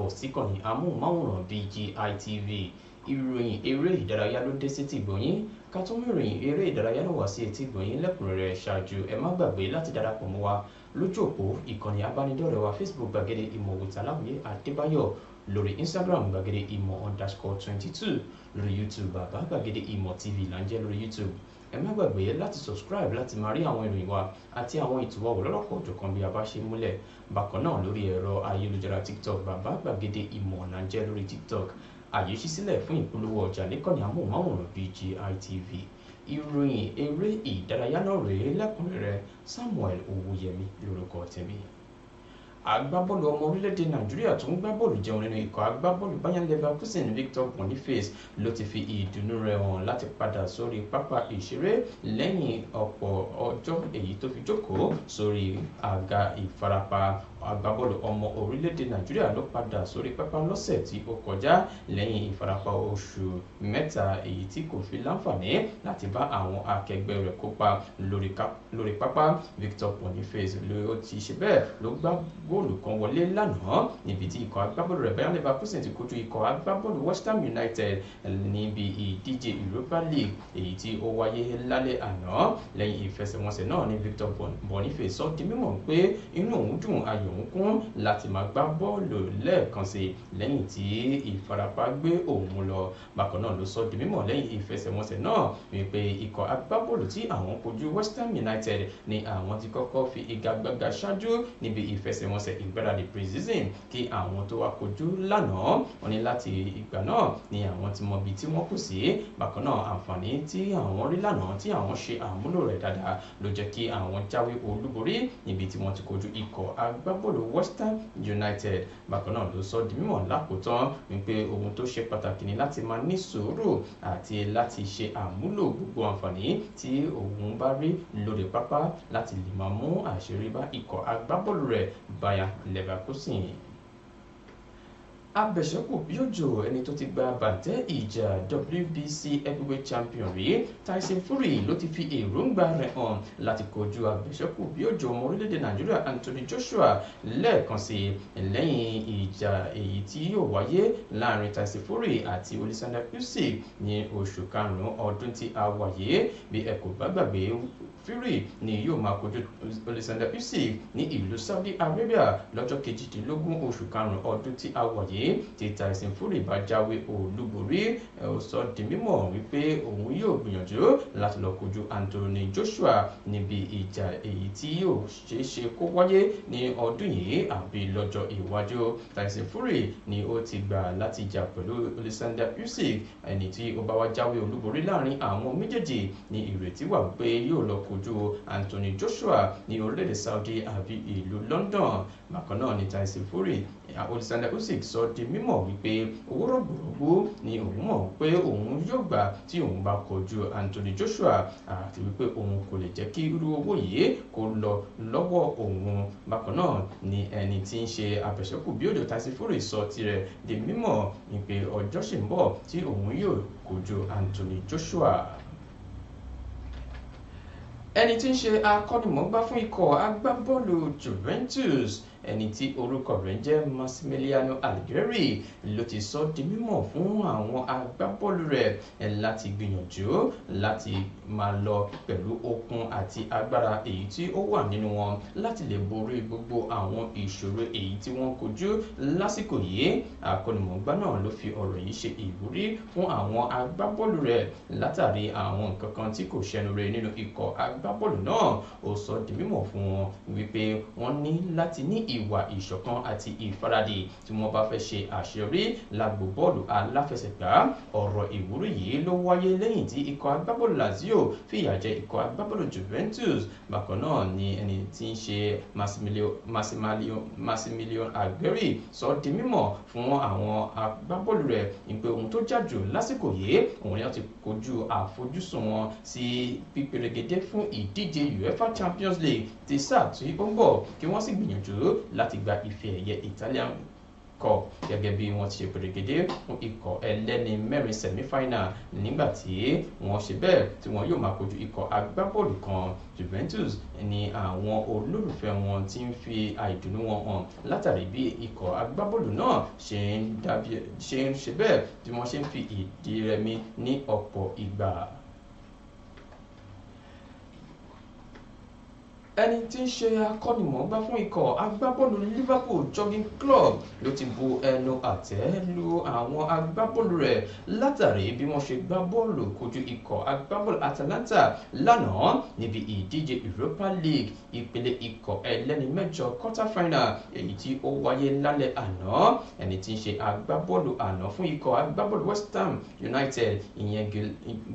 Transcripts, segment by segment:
káàbọ̀ síkànnì amóhùnmáwòrán BGI TV ìròyìn eré ìdárayá ló dé sí tìgbòyín ká tún mú ìròyìn eré ìdárayá náà wá sí etí gbòyìn lẹ́kùnrẹ́rẹ́ ṣáájú ẹ má gbàgbé láti darapọ̀ mọ́ wa lójú òpó ìkànnì abánidọ́rẹ̀ẹ́ wa Facebook gbàgede ìmọ̀ wìtàláwìyé Adébáyọ̀ lórí Instagram gbàgede ìmọ̀ underscore twenty two lórí YouTube bàbá gbàgede ìmọ̀ TV là ń jẹ́ lórí YouTube ẹ má gbàgbé láti subscribe láti máa rí àwọn ìròyìn wa àti àwọn ètò wa wò lọ́lọ́kọ̀ òjọ̀kan bí a bá ṣe múlẹ̀ bákan náà lórí ẹ̀rọ ayélujára tiktok bàbá gbàgede ìmọ̀ ọ̀nà jẹ́ lórí tiktok àyè ṣí sílẹ̀ fún ìpolówó ọjà níkànnì amóhùnmáwòrán BGI TV ìròyìn eré ìdárayá náà rèé lẹ́kùnrẹ́rẹ́ Samuel Owóyẹmí lórúkọ tèmi agbábọ́ọ̀lù ọmọ orílẹ̀-èdè nàìjíríà tó ń gbá bọ́ọ̀lù jẹun nínú ikọ̀ agbábọ́ọ̀lù Bayer Leverkusen Victor Boniface ló ti fi ìdùnnú rẹ̀ hàn láti padà sórí pápá ìṣeré lẹ́yìn ọ̀pọ̀ ọjọ́ èyí tó fi jókòó sórí àga ìfarapa agbábọ́ọ̀lù ọmọ orílẹ̀-èdè nàìjíríà ló padà sórí pápá lọ́sẹ̀ tí ó kọjá lẹ́yìn ìfarapa oṣù mẹ́ta èyí tí kò fi láǹfààní láti bá àwọn akẹgbẹ́ rẹ̀ kópa lórí pápá Victor Boniface ló ti ṣe bẹ́ẹ̀ ló gbá góòlù kan wọlé lánàá níbi tí ikọ̀ agbábọ́ọ̀lù rẹ̀ Bayer Leverkusen ti kojú ikọ̀ agbábọ́ọ̀lù West Ham United níbi ìdíje Europa League èyí tí ó wáyé lálẹ́ àná lẹ́yìn ìfẹsẹ̀wọnsẹ̀ náà ni Victor Boniface sọ di mímọ̀ pé inú òun dùn ayọ̀ lòún kún láti máa gbá bọ́ọ̀lù lẹ́ẹ̀kan sí lẹ́yìn tí ìfarapa gbé òun lọ bákan náà ló sọ di mímọ̀ lẹ́yìn ìfẹsẹ̀wọnsẹ̀ náà wípé ikọ̀ agbábọ́ọ̀lù tí àwọn kojú West Ham United ni àwọn ti kọ́kọ́ fi igagbága ṣáájú níbi ìfẹsẹ̀wọnsẹ̀ ìgbáradì pre-season kí àwọn tó wá kojú lánàá wọn ní láti ìgbà náà ni àwọn ti mọ ibi tí wọ́n kù sí bákan náà àǹfààní tí àwọn rí lánàá tí àwọn ṣe àmúlò rẹ̀ dáadáa ló jẹ́ kí àwọn jáwé olúborí níbi tí wọ́n ti kojú ikọ̀ agbábọ́ọ̀lù agbábọ́ọ̀lù West Ham United bákan náà ló sọ di mímọ̀ lákòótán wípé ohun tó ṣe pàtàkì ni láti máa ní sùúrù àti láti ṣe àmúlò gbogbo àǹfààní tí òun bá rí lórí pápá láti lè máa mú àṣírí bá ikọ̀ agbábọ́ọ̀lù rẹ̀ Bayer Leverkusen abẹ̀ṣẹ́kù bíòjò ẹni tó ti gba bàtẹ́ ìjà WBC heavyweight champion rí Tyson Fury ló ti fi èròǹgbà rẹ̀ hàn láti kojú abẹ̀ṣẹ́kù bíòjò ọmọ orílẹ̀-èdè Nàìjíríà Anthony Joshua lẹ́ẹ̀kan sí lẹ́yìn ìjà èyí tí yóò wáyé láàrin Tyson Fury àti Oleksandr Usyk ní oṣù karùn-ún ọdún tí a wà bí ẹ kò bá gbàgbé Fury ni yóò máa kojú Oleksandr Usyk ní ìlú Saudi Arabia lọ́jọ́ kejìdínlógún oṣù karùn-ún ọdún tí a wà títa ẹ̀sìn fúrì bá jáwé olúborí ó sọ di mímọ̀ wípé òun yóò gbìyànjú láti lọ kojú Anthony Joshua níbi ìjà èyí tí yóò ṣeé ṣe kó wáyé ní ọdún yìí àbí lọ́jọ́ iwájú Tyson ni ó ti gbà láti jà pẹ̀lú Alexander Usyk ẹni tí ó bá wá jáwé olúborí láàrin àwọn méjèèjì ní ìrètí wà pé yóò lọ kojú Anthony Joshua ní orílẹ̀-èdè Saudi àbí ìlú London bákan náà ni tyson fury alexander usyk sọ di mímọ̀ wípé owó rọ̀gbọ̀rọ̀gbọ̀ ni òun mọ̀ pé òun yóò gbà tí òun bá kojú anthony joshua àti wípé òun kò lè jẹ́ kí irú owó yìí kó lọ lọ́wọ́ òun bákan náà ni ẹni tí ń ṣe àbẹ̀ṣẹ́kù bí odò tyson fury sọ tirẹ̀ di mímọ̀ wípé ọjọ́ ṣì ń bọ̀ tí òun yóò kojú anthony joshua ẹni tí ń ṣe akọ́nimọ̀ọ́gbá fún ikọ̀ agbábọ́ọ̀lù Juventus ẹni tí orúkọ rẹ̀ ń jẹ́ Massimiliano Allegri ló ti sọ di mímọ̀ fún àwọn agbábọ́ọ̀lù rẹ̀ láti gbìyànjú láti máa lọ pẹ̀lú okun àti agbára èyí tí ó wà nínú wọn láti lè borí gbogbo àwọn ìṣòro èyí tí wọ́n kojú lásìkò yìí akọ́nimọ̀ọ́gbá náà ló fi ọ̀rọ̀ yìí ṣe ìwúrí fún àwọn agbábọ́ọ̀lù rẹ̀ látàrí àwọn nǹkan kan tí kò ṣẹnu rẹ̀ nínú ikọ̀ agbábọ́ọ̀lù náà ó sọ di mímọ̀ fún wọn wípé wọ́n ní láti ní ì ìwà ìṣọ̀kan àti ìfaradì tí wọ́n bá fẹ́ ṣe àṣeyọrí lágbo bọ́ọ̀lù aláfẹsẹ̀gbá ọ̀rọ̀ ìwúrí yìí ló wáyé lẹ́yìn tí ikọ̀ agbábọ́ọ̀lù lazio fìyà jẹ ikọ̀ agbábọ́ọ̀lù juventus bákan náà ni ẹni tí ń ṣe maximilian agbẹ́rì sọ di mímọ̀ fún àwọn agbábọ́ọ̀lù rẹ̀ ìpè ohun tó jà jù lásìkò yìí òun ni wọ́n ti kojú àfojúsùn wọn sí pípérégedé fún ìdíje uefa champions league ti sáà tí ó ń bọ̀ kí wọ́n sì gbìyànjú láti gba ife ẹ̀yẹ Italian cup gẹ́gẹ́ bí wọ́n ti ṣe pèrègede fún ikọ̀ ẹlẹ́ni mẹ́rin semi-final nígbà tí wọ́n ṣe bẹ́ẹ̀ tí wọ́n yóò máa kojú ikọ̀ agbábọ́ọ̀lù kan Juventus ni àwọn olólùfẹ́ wọn ti ń fi àìdùnnú wọn hàn látàrí bí ikọ̀ agbábọ́ọ̀lù náà ṣe ń ṣe bẹ́ẹ̀ tí wọ́n ṣe ń fi ìdí rẹmi ní ọ̀pọ̀ ìgbà. ẹni tí ń ṣe akọ́nimọ̀ọ́gbá fún ikọ̀ agbábọ́ọ̀lù Liverpool Jogging Club ló ti bu ẹnu àtẹ́ lu àwọn agbábọ́ọ̀lù rẹ̀ látàrí bí wọ́n ṣe gbá bọ́ọ̀lù kojú ikọ̀ agbábọ́ọ̀lù Atalanta lánàá níbi ìdíje Europa League ìpele ikọ̀ ẹlẹ́ni mẹ́jọ quarter final èyí tí ó wáyé lálẹ́ àná ẹni tí ń ṣe agbábọ́ọ̀lù àná fún ikọ̀ agbábọ́ọ̀lù West Ham United ìyẹn Gil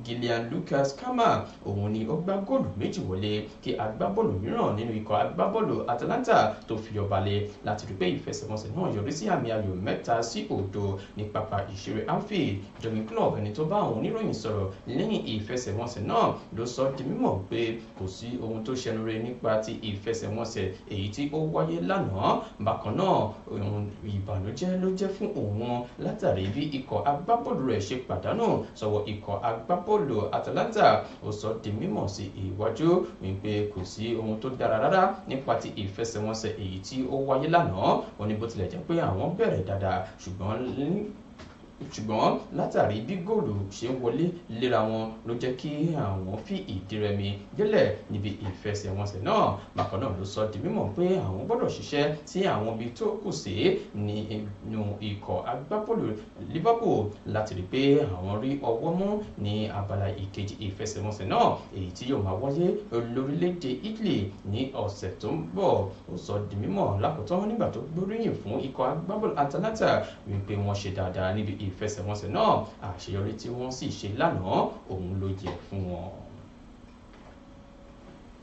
Gillian Lucas Kama òun ni ó gbá góòlù méjì wọlé kí agbábọ́ọ̀lù mìíràn mìíràn nínú ikọ̀ agbábọ́ọ̀lù Atalanta tó fi ọ̀bàlẹ̀ láti rí pé ìfẹsẹ̀wọnsẹ̀ náà yọrí sí àmì ayò mẹ́ta sí òdo ní pápá ìṣeré Anfield Jurgen Klopp ẹni tó bá àwọn oníròyìn sọ̀rọ̀ lẹ́yìn ìfẹsẹ̀wọnsẹ̀ náà ló sọ di mímọ̀ pé kò sí ohun tó ṣẹnure nípa ti ìfẹsẹ̀wọnsẹ̀ èyí tí ó wáyé lánàá bákan náà ohun ìbànújẹ́ ló jẹ́ fún òun látàrí bí ikọ̀ agbábọ́ọ̀lù rẹ̀ ṣe pàdánù sọ́wọ́ ikọ̀ agbábọ́ọ̀lù Atalanta ó sọ di mímọ̀ sí iwájú wípé kò sí ohun tó dára rárá nípa ti ìfẹsẹ̀wọnsẹ̀ èyí tí ó wáyé lánàá ó ní bó tilẹ̀ jẹ́ pé àwọn bẹ̀rẹ̀ dáadáa ṣùgbọ́n ṣùgbọ́n látàrí bí góòlù ṣe ń wọlé léra wọn ló jẹ́ kí àwọn fi ìdí rẹmi délẹ̀ níbi ìfẹsẹ̀wọnsẹ̀ náà bákan náà ló sọ di mímọ̀ pé àwọn gbọ́dọ̀ ṣiṣẹ́ tí àwọn ibi tó kù sí nínú ikọ̀ agbábọ́ọ̀lù Liverpool láti rí pé àwọn rí ọwọ́ mú ní abala ìkejì ìfẹsẹ̀wọnsẹ̀ náà èyí tí yóò máa wáyé lórílẹ̀‐èdè Italy ní ọ̀sẹ̀ tó ń bọ̀ ó sọ di mímọ̀ lákòótán nígbà tó gbóríyìn fún ikọ̀ agbábọ́ọ̀lù Atalanta wípé wọ́n ṣe dáadáa níbi ì ìfẹsẹ̀wọnsẹ̀ náà àṣeyọrí tí wọ́n sì ṣe lánàá òun ló jẹ́ fún wọn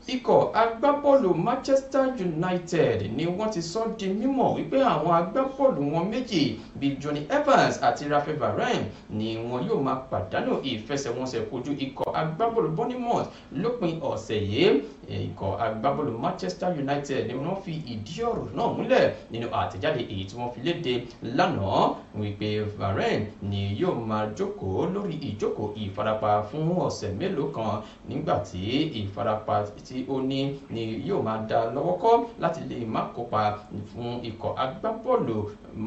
ikọ̀ agbábọ́ọ̀lù Manchester United ni wọ́n ti sọ di mímọ̀ wípé àwọn agbábọ́ọ̀lù wọn méjì bíi Johnny Evans àti Raphael Varane ni wọn yóò máa pàdánù ìfẹsẹ̀wọnsẹ̀ kojú ikọ̀ agbábọ́ọ̀lù Bournemouth lópin ọ̀sẹ̀ yìí ikọ̀ agbábọ́ọ̀lù Manchester United ni wọ́n fi ìdí ọ̀rọ̀ náà múlẹ̀ nínú àtẹ̀jáde èyí tí wọ́n fi léde lánàá wípé Varane ni yóò máa jókòó lórí ìjókòó ìfarapa fún ọ̀sẹ̀ mélòó kan nígbà ìfarapa tí ó ní ni yóò máa dá lọ́wọ́ kọ́ láti lè má kópa fún ikọ̀ agbábọ́ọ̀lù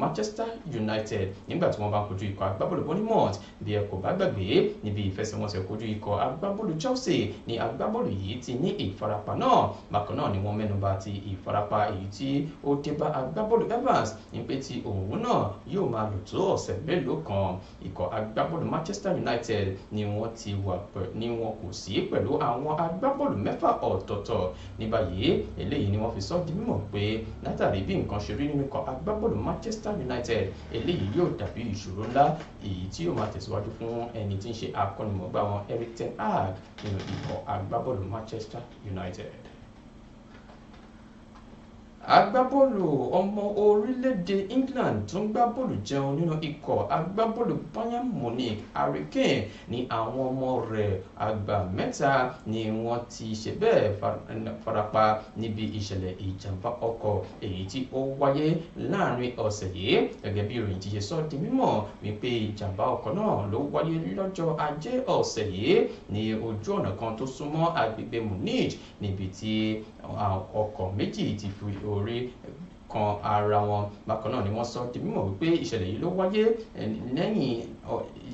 Manchester United nígbà tí wọ́n bá kojú ikọ̀ agbábọ́ọ̀lù Bournemouth bí ẹ kò bá gbàgbé níbi ìfẹsẹ̀wọnsẹ̀ kojú ikọ̀ agbábọ́ọ̀lù Chelsea ni agbábọ́ọ̀lù yìí ti ní ìfarapa náà bákan náà ni wọ́n mẹ́nuba ti ìfarapa èyí tí ó dé bá agbábọ́ọ̀lù Evans ní pé ti òun náà yóò máa lò tó ọ̀sẹ̀ mélòó kan ikọ̀ agbábọ́ọ̀lù Manchester United ni wọ́n ti wà ni wọ́n kò sí pẹ̀lú àwọn agbábọ́ọ̀lù mẹ́fà ọ̀ ọ̀tọ̀ọ̀tọ̀ ní báyìí eléyìí ni wọ́n fi sọ di mímọ̀ pé látàrí bí nǹkan ṣe rí nínú agbábọ́ọ̀lù Manchester United eléyìí yóò dàbí ìṣòro ńlá èyí tí yóò máa tẹ̀síwájú fún ẹni tí ń ṣe akọ́nimọ̀gbà wọn Eric ten Hag nínú ikọ̀ agbábọ́ọ̀lù Manchester United agbábọ́ọ̀lù ọmọ orílẹ̀-èdè England tó ń gbá bọ́ọ̀lù jẹun nínú ikọ̀ agbábọ́ọ̀lù Bayern Munich Harry Kane ni àwọn ọmọ rẹ̀ àgbà mẹ́ta ni wọ́n ti ṣe bẹ́ẹ̀ farapa níbi ìṣẹ̀lẹ̀ ìjàmbá ọkọ̀ èyí tí ó wáyé láàrin ọ̀sẹ̀ yìí gẹ́gẹ́ bí ìròyìn ti ṣe sọ di mímọ̀ wípé ìjàmbá ọkọ̀ náà ló wáyé lọ́jọ́ ajé ọ̀sẹ̀ yìí ní ojú ọ̀nà kan tó súnmọ́ orí kan ara wọn bákan náà ni wọ́n sọ di mímọ̀ wípé ìṣẹ̀lẹ̀ yìí ló wáyé eh, lẹ́yìn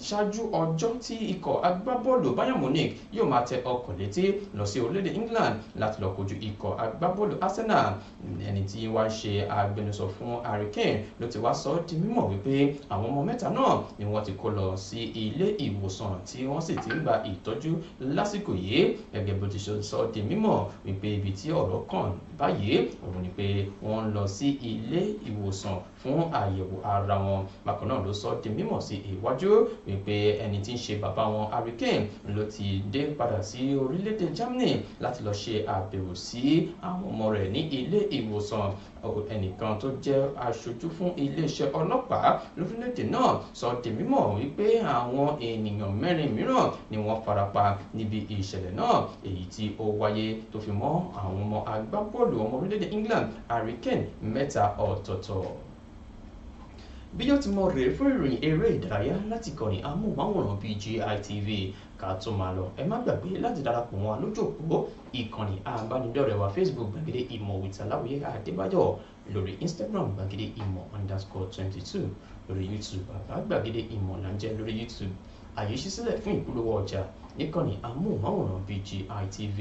ṣáájú ọjọ́ tí ikọ̀ agbábọ́ọ̀lù bayern munich yóò máa tẹ ọkọ̀ létí lọ sí orílẹ̀-èdè england láti lọ kojú ikọ̀ agbábọ́ọ̀lù arsenal ẹni tí wàá ṣe agbẹnusọ fún harry kane ló ti wá sọ ọ́ di mímọ̀ wípé àwọn ọmọ mẹ́ta náà ni wọ́n ti kó lọ sí ilé ìwòsàn tí wọ́n sì ti ń gba ìtọ́jú lásìkò yìí gẹ́gẹ́ bó ti sọ ọ́ di mímọ̀ wípé ibi tí ọ̀rọ̀ kàn báyìí òun ni pé wọ́n ń lọ sí ilé ìwòsàn fún àyẹ̀wò ara wọn bákan náà ló sọ di mímọ̀ sí iwájú wípé ẹni tí ń ṣe bàbá wọn Harry Kane ló ti dé padà sí orílẹ̀-èdè Germany láti lọ ṣe àbẹ̀wò sí àwọn ọmọ rẹ̀ ní ilé ìwòsàn ẹnìkan tó jẹ́ aṣojú fún iléeṣẹ́ ọlọ́pàá lórílẹ̀-èdè náà sọ di mímọ̀ wípé àwọn ènìyàn mẹ́rin mìíràn ni wọ́n farapa níbi ìṣẹ̀lẹ̀ náà èyí tí ó wáyé tó fi mọ́ àwọn ọmọ agbábọ́ọ̀lù ọmọ orílẹ̀-èdè England Harry mẹ́ta ọ̀tọ̀ọ̀tọ̀ bíjọ́ ti mọ rèé fún ìròyìn eré ìdárayá láti kọ̀ọ̀nì amóhùnmáwòrán BGI TV ká tó máa lọ ẹ má gbàgbé láti darapọ̀ wọn lójú òpó ìkànnì àbánidọ́rẹ̀ẹ́ wa Facebook gbàgede ìmọ̀ with aláwòye àdébáyọ̀ lórí Instagram gbàgede ìmọ̀ underscore twenty two lórí YouTube bàbá gbàgede ìmọ̀ làǹjẹ́ lórí YouTube àyè ṣí fún ìpolówó ọjà níkànnì amóhùnmáwòrán BGI TV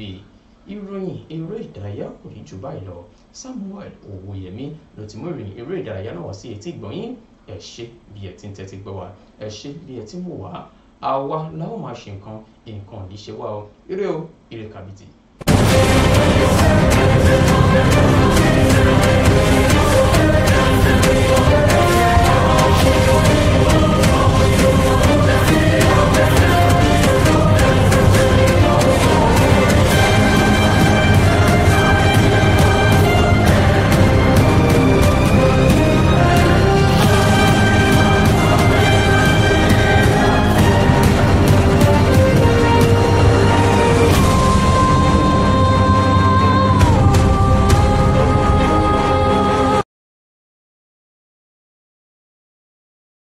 ìròyìn eré ìdárayá kò ní jù báyìí lọ Samuel Owóyẹmí ló ti mú ìròyìn eré ìdárayá náà wá sí etí ìgbọ̀nyín ẹ ṣé bí ẹ ti ń tẹ́tí gbọ́ wa ẹ ṣé bí ẹ ti ń wá àwa la máa ṣe nǹkan nǹkan yìí ṣe wá o eré o eré kàbìtì.